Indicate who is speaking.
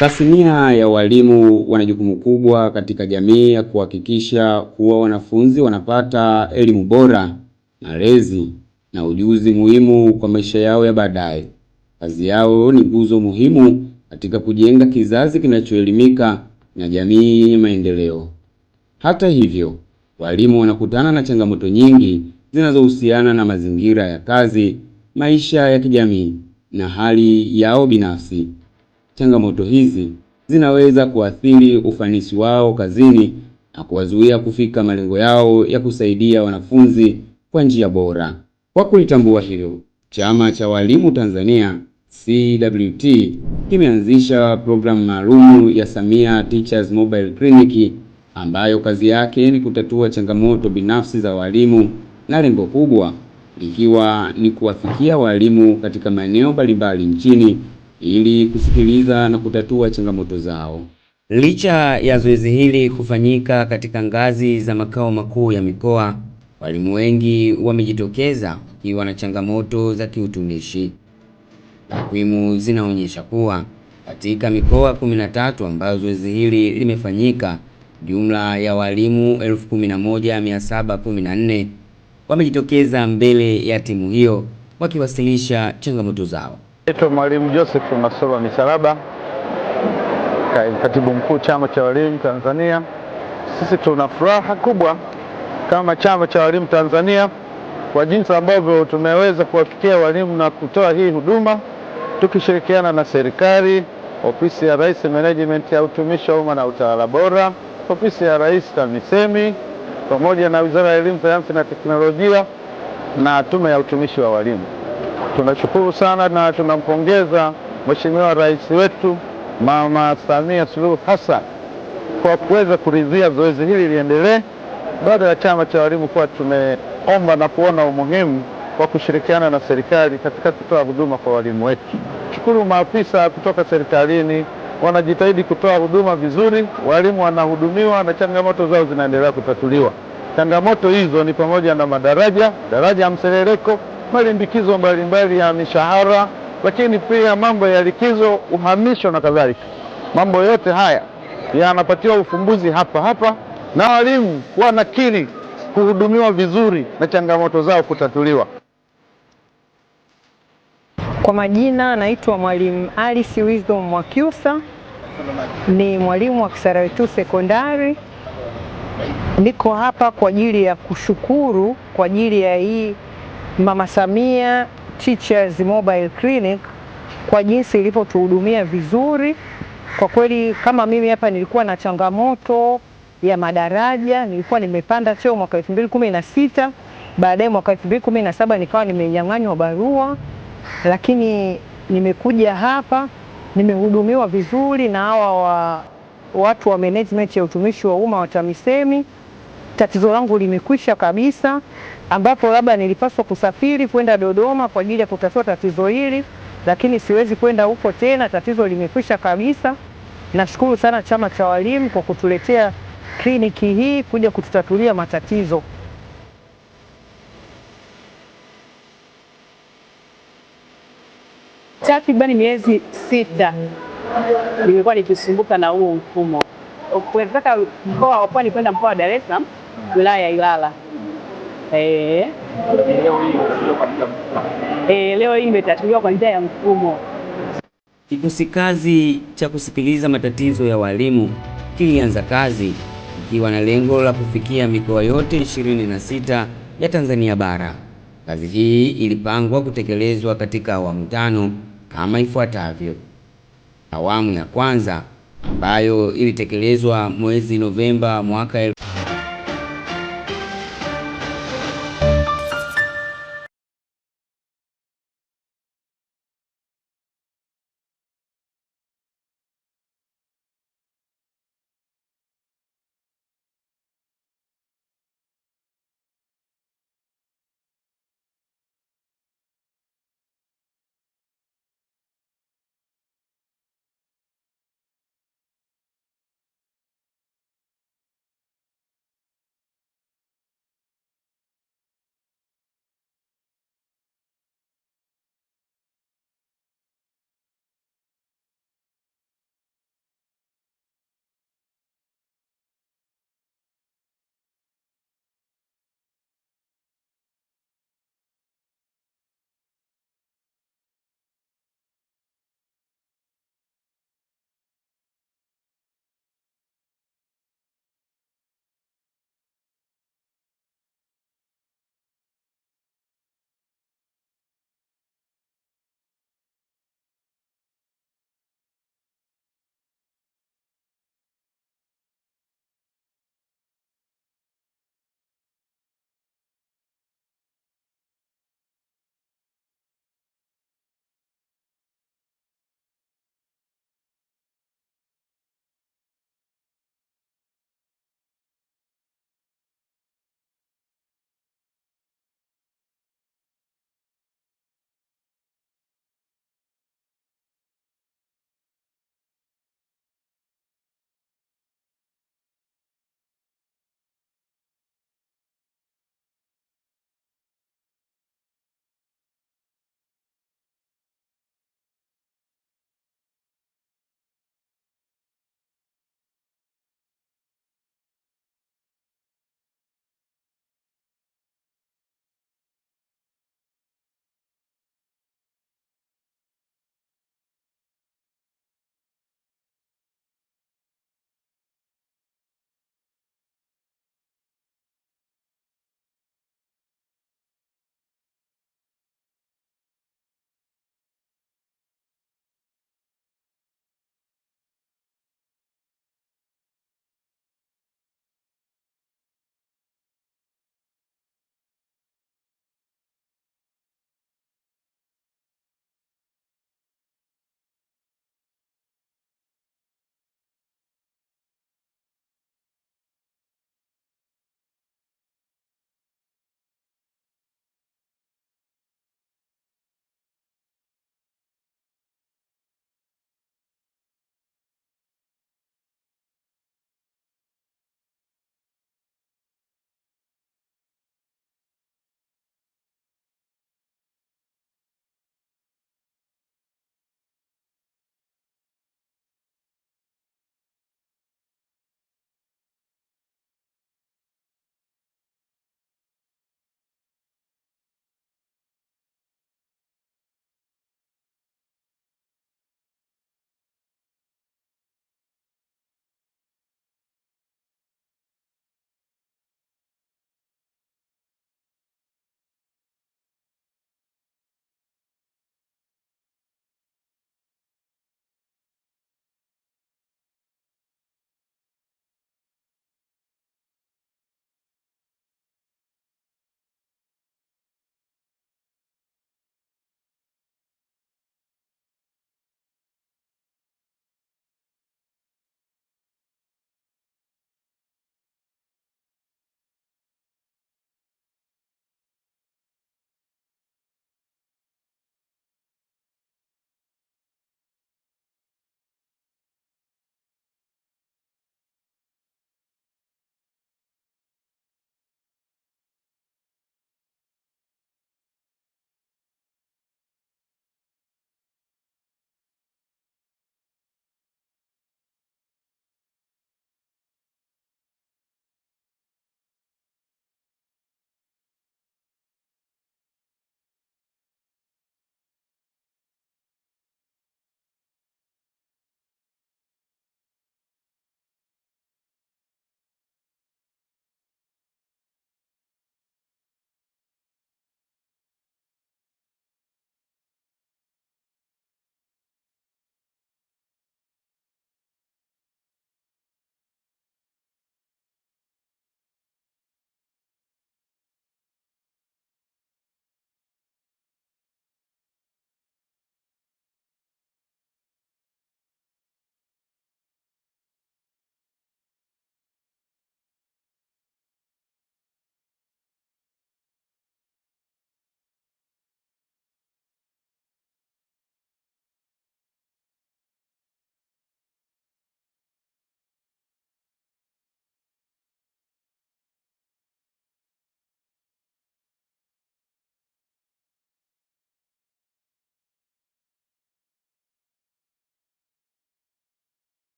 Speaker 1: Tasnia ya walimu wana jukumu kubwa katika jamii ya kuhakikisha kuwa wanafunzi wanapata elimu bora, malezi na ujuzi muhimu kwa maisha yao ya baadaye. Kazi yao ni nguzo muhimu katika kujenga kizazi kinachoelimika na jamii yenye maendeleo. Hata hivyo, walimu wanakutana na changamoto nyingi zinazohusiana na mazingira ya kazi, maisha ya kijamii na hali yao binafsi changamoto hizi zinaweza kuathiri ufanisi wao kazini na kuwazuia kufika malengo yao ya kusaidia wanafunzi kwa njia bora. Kwa kulitambua hilo, Chama cha Walimu Tanzania CWT kimeanzisha programu maalum ya Samia Teachers Mobile Clinic ambayo kazi yake ni kutatua changamoto binafsi za walimu na lengo kubwa likiwa ni kuwafikia walimu katika maeneo mbalimbali nchini ili kusikiliza na kutatua changamoto zao. Licha ya zoezi hili kufanyika katika ngazi za makao makuu ya mikoa, walimu wengi wamejitokeza wakiwa na changamoto za kiutumishi. Takwimu zinaonyesha kuwa katika mikoa 13 ambayo zoezi hili limefanyika, jumla ya walimu 11714 wamejitokeza mbele ya timu hiyo wakiwasilisha changamoto zao. Naitwa Mwalimu Joseph Masolwa Misalaba, katibu mkuu chama cha walimu Tanzania. Sisi tuna furaha kubwa kama chama cha walimu Tanzania kwa jinsi ambavyo tumeweza kuwafikia walimu na kutoa hii huduma tukishirikiana na serikali, ofisi ya Rais management ya Utumishi wa Umma na Utawala Bora, ofisi ya Rais TAMISEMI pamoja na Wizara ya Elimu, Sayansi na Teknolojia na Tume ya Utumishi wa Walimu. Tunashukuru sana na tunampongeza Mheshimiwa Rais wetu Mama Samia Suluhu Hassan kwa kuweza kuridhia zoezi hili liendelee baada ya chama cha walimu kuwa tumeomba na kuona umuhimu wa kushirikiana na serikali katika kutoa huduma kwa walimu wetu. Shukuru maafisa kutoka serikalini wanajitahidi kutoa huduma vizuri, walimu wanahudumiwa na changamoto zao zinaendelea kutatuliwa. Changamoto hizo ni pamoja na madaraja, daraja ya mseleleko malimbikizo mbalimbali ya mishahara, lakini pia mambo ya likizo, uhamisho na kadhalika. Mambo yote haya yanapatiwa ufumbuzi hapa hapa, na walimu wanakiri kuhudumiwa vizuri na changamoto zao kutatuliwa.
Speaker 2: Kwa majina naitwa Mwalimu Alice Wisdom Mwakyusa, ni mwalimu wa kisarawetu Sekondari. Niko hapa kwa ajili ya kushukuru kwa ajili ya hii Mama Samia Teachers Mobile Clinic kwa jinsi ilivyotuhudumia vizuri. Kwa kweli kama mimi hapa nilikuwa na changamoto ya madaraja, nilikuwa nimepanda cheo mwaka 2016, baadaye mwaka 2017 nikawa nimenyang'anywa barua, lakini nimekuja hapa nimehudumiwa vizuri na hawa wa, watu wa management ya utumishi wa umma wa TAMISEMI tatizo langu limekwisha kabisa, ambapo labda nilipaswa kusafiri kwenda Dodoma kwa ajili ya kutatua tatizo hili, lakini siwezi kwenda huko tena, tatizo limekwisha kabisa. Nashukuru sana chama cha walimu kwa kutuletea kliniki hii kuja kututatulia matatizo.
Speaker 3: Takribani miezi sita nimekuwa nikisumbuka na huo mfumo kutoka mkoa wa Pwani kwenda mkoa wa Dar es Salaam wilaya ya Ilala. E, leo hii imetatuliwa kwa njia ya mfumo.
Speaker 4: Kikosi kazi cha kusikiliza matatizo ya walimu kilianza kazi ikiwa na lengo la kufikia mikoa yote 26 ya Tanzania bara. Kazi hii ilipangwa kutekelezwa katika awamu tano kama ifuatavyo. Awamu ya kwanza ambayo ilitekelezwa mwezi Novemba mwaka